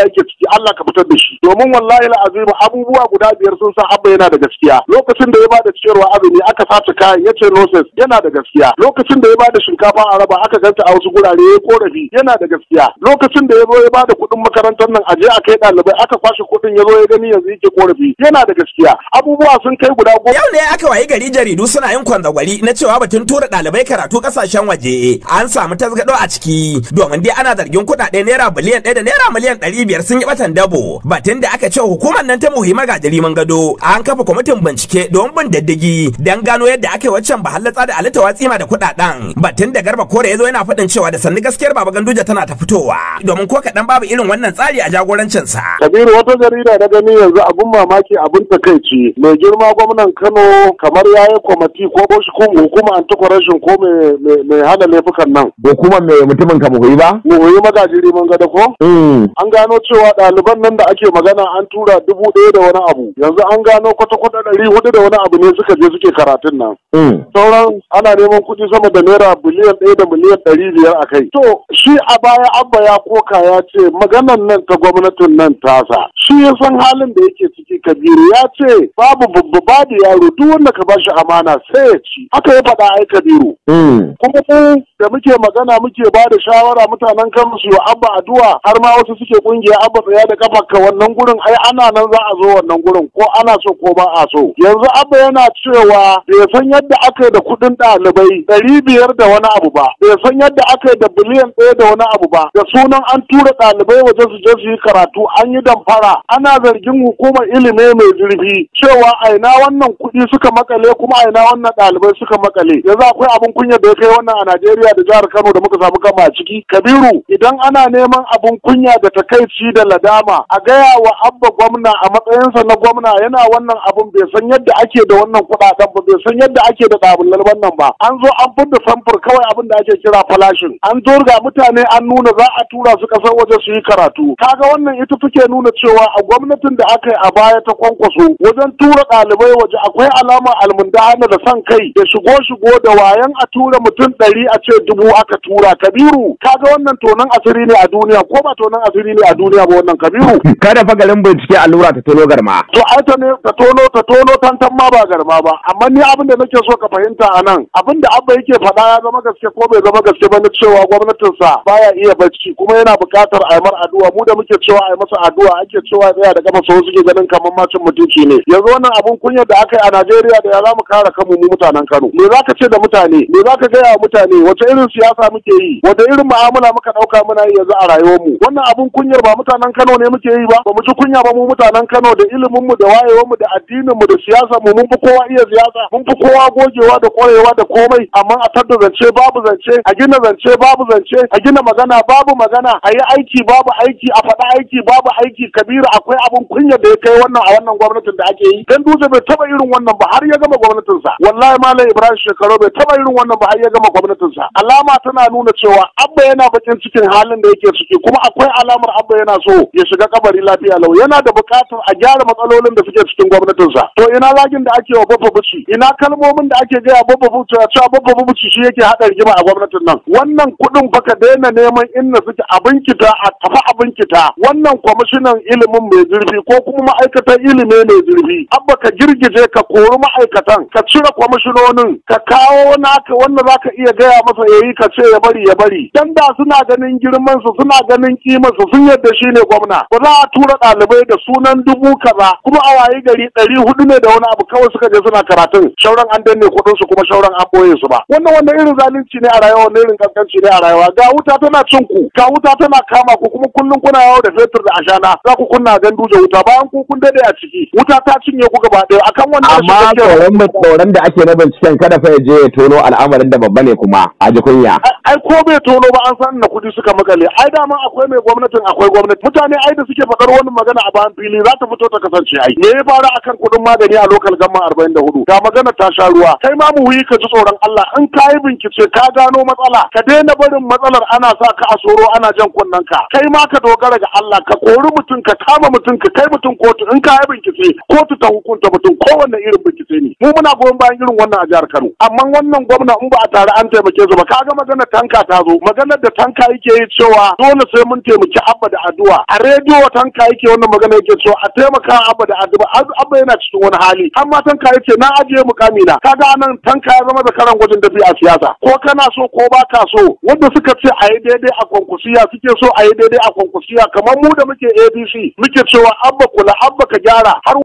da yake ciki Allah ka fitar da shi domin wallahi al'azim abubuwa guda biyar sun sa Abba yana da gaskiya lokacin da ya bada ciyarwa azumi aka sace kayan yace Roses yana da gaskiya lokacin da ya bada shinkafa a raba aka ganta a wasu gurare ya korafi yana da gaskiya lokacin da ya zo ya bada kuɗin makarantar nan aje a kai ɗalibai aka kwashe kuɗin ya zo ya gani yanzu yake korafi yana da gaskiya abubuwa sun kai guda goma yau ne aka wayi gari jaridu suna yin kwanzagwari na cewa batun tura ɗalibai karatu kasashen waje an samu tasgado a ciki domin dai ana zargin kuɗaɗe naira biliyan ɗaya da naira miliyan ɗari biyar sun yi batan dabo batun da aka ce hukumar nan ta muhimmar gajiri man gado an kafa kwamitin bincike don bin diddigi don gano yadda ake waccan ba bahallatsa da alita ma da kuɗaɗen batun da garba kore ya zo yana faɗin cewa da sannu gaskiyar baba ganduja tana ta fitowa domin ko kaɗan babu irin wannan tsari a jagorancin sa kabiru wata jarida na gani yanzu abun mamaki abun takaici mai girma gwamnan kano kamar ya yi kwamati ko hukuma anti rashin ko mai hana laifukan nan. hukuma mai mutumin ka muhuyi ba? ga magajiri ko? Mm. an gano cewa ɗaliban nan da ake magana an tura dubu ɗaya da wani abu yanzu an gano kwata-kwata ɗari hudu da wani abu ne suka je suke karatun nan. Hmm. Sauran ana neman kuɗi sama da naira biliyan ɗaya da miliyan ɗari biyar a kai. To shi a baya abba ya koka ya ce maganan nan ta gwamnatin nan tasa. Shi ya san halin da yake ciki Kabiru ya ce babu babba babu yaro duk wanda ka bashi amana sai ya ci. Haka ya faɗa ai Kabiru. Hmm. Kuma mu da muke magana muke ba da shawara mutanen kan su abba addu'a har ma wasu suke kun kungiya abba ba tsaya da kafa ka wannan gurin ai ana nan za a zo wannan gurin ko ana so ko ba a so yanzu abba yana cewa bai san yadda aka yi da kuɗin ɗalibai ɗari biyar da wani abu ba bai san yadda aka yi da biliyan ɗaya da wani abu ba da sunan an tura ɗalibai waje su je su yi karatu an yi damfara ana zargin hukumar ilimi mai zurfi cewa aina wannan kuɗi suka makale kuma aina wannan ɗalibai suka makale yanzu akwai abin kunya da ya kai wannan a Najeriya da jihar Kano da muka samu kama a ciki Kabiru idan ana neman abin kunya da ta kai Shi da ladama a gaya wa abba gwamna a matsayinsa na gwamna yana wannan abun bai san yadda ake da wannan kuɗaɗen ba bai san yadda ake da ɗabullar wannan ba an zo an fudda samfur kawai abin da ake kira falashin an zo ga mutane an nuna za a tura su kasar waje su yi karatu kaga wannan ita take nuna cewa a gwamnatin da aka yi a baya ta kwankwaso wajen tura ɗalibai waje akwai alama almundahana da san kai da shigo shigo da wayan a tura mutum ɗari a ce dubu aka tura kabiru kaga wannan tonon asiri ne a duniya ko ba tonon asiri ne a duniya ba wannan kabiru kada fa garin bincike allura ta tono garma to ai ta ne ta tono ta tono tantan ma ba garma ba amma ni abin da nake so ka fahimta a nan abin da abba yake faɗa ya zama gaske ko bai zama gaske ba na cewa gwamnatinsa baya iya bacci kuma yana buƙatar a mar addu'a mu da muke cewa a masa addu'a ake cewa tsaya da kafa so suke ganin kamar macin mutunci ne yanzu wannan abun kunya da aka yi a Najeriya da ya za mu kare kanmu mu mutanen Kano me za ka ce da mutane me za ka gaya wa mutane wace irin siyasa muke yi Wace irin mu'amala muka ɗauka muna yi yanzu a rayuwarmu wannan abun kunyar ba ba mutanen Kano ne muke yi ba ba mu ci kunya ba mu mutanen Kano da ilimin mu da wayewar mu da addinin mu da siyasa mu mun fi kowa iya siyasa mun fi kowa gogewa da kwarewa da komai amma a tadda zance babu zance a gina zance babu zance a gina magana babu magana a yi aiki babu aiki a faɗa aiki babu aiki kabira akwai abin kunya da ya kai wannan a wannan gwamnatin da ake yi dan dutse bai taba irin wannan ba har ya gama gwamnatinsa wallahi malam Ibrahim Shekaru bai taba irin wannan ba har ya gama gwamnatinsa alama tana nuna cewa abba yana bakin cikin halin da yake ciki kuma akwai alamar abba yana so ya shiga kabari lafiya lau yana da bukatar a gyara matsalolin da suke cikin gwamnatinsa to ina zagin da ake wa babba buci ina kalmomin da ake gaya babba buci a cewa babba buci shi yake haɗa rigima a gwamnatin nan wannan kuɗin baka daina neman inna suke abin kita a tafi abin kita wannan kwamishinan ilimin mai zurfi ko kuma ma'aikatan ilimi mai zurfi abba ka girgije ka kori ma'aikatan ka cire kwamishinonin ka kawo naka wanda ka iya gaya masa yayi ka ce ya bari ya bari dan da suna ganin girman suna ganin kimar sun yadda da shi ne gwamna ba za a tura ɗalibai da sunan dubu kaza kuma a wayi gari ɗari hudu ne da wani abu kawai suka je suna karatun shauran an danne kuɗin su kuma shauran an ɓoye su ba wannan wannan irin zalunci ne a rayuwa wannan irin kaskanci ne a rayuwa ga wuta tana cin ku ga wuta tana kama ku kuma kullum kuna yawo da fetur da ashana za ku kunna gandu da wuta bayan ku kun dade a ciki wuta ta cinye ku gaba ɗaya akan wannan amma tsoron tsoron da ake na binciken kada fa ya je ya tono al'amarin da babba ne kuma a ji kunya ai ko bai tono ba an san na kuɗi suka makale ai dama akwai mai gwamnatin akwai gwamnati mutane ai da suke faɗar wani magana a bayan fili za ta fito ta kasance ai me ya fara akan kuɗin magani a lokal gama arba'in da hudu ga magana ta sha ruwa kai ma mu ka ji tsoron Allah in ka yi bincike ka gano matsala ka daina barin matsalar ana sa ka a soro ana jan kunnen ka kai ma ka dogara ga Allah ka kori mutum ka kama mutum ka kai mutum kotu in ka yi bincike kotu ta hukunta mutum kowanne irin bincike ne mu muna goyon bayan irin wannan a jihar Kano amma wannan gwamna in ba a tare an taimake su ba kaga magana tanka ta zo maganar da tanka yake yi cewa dole sai mun taimaki abba da addu'a a rediyo tanka yake wannan magana yake so a taimaka abba da addu'a abba yana cikin wani hali amma tanka yake na ajiye mukami na kaga anan tanka ya zama zakaran gwajin dafi a siyasa ko kana so ko ba ka so wanda suka ce a yi daidai a kwankwasiya suke so a yi daidai a kwankwasiya kamar mu da muke abc muke cewa abba kula abba ka gyara har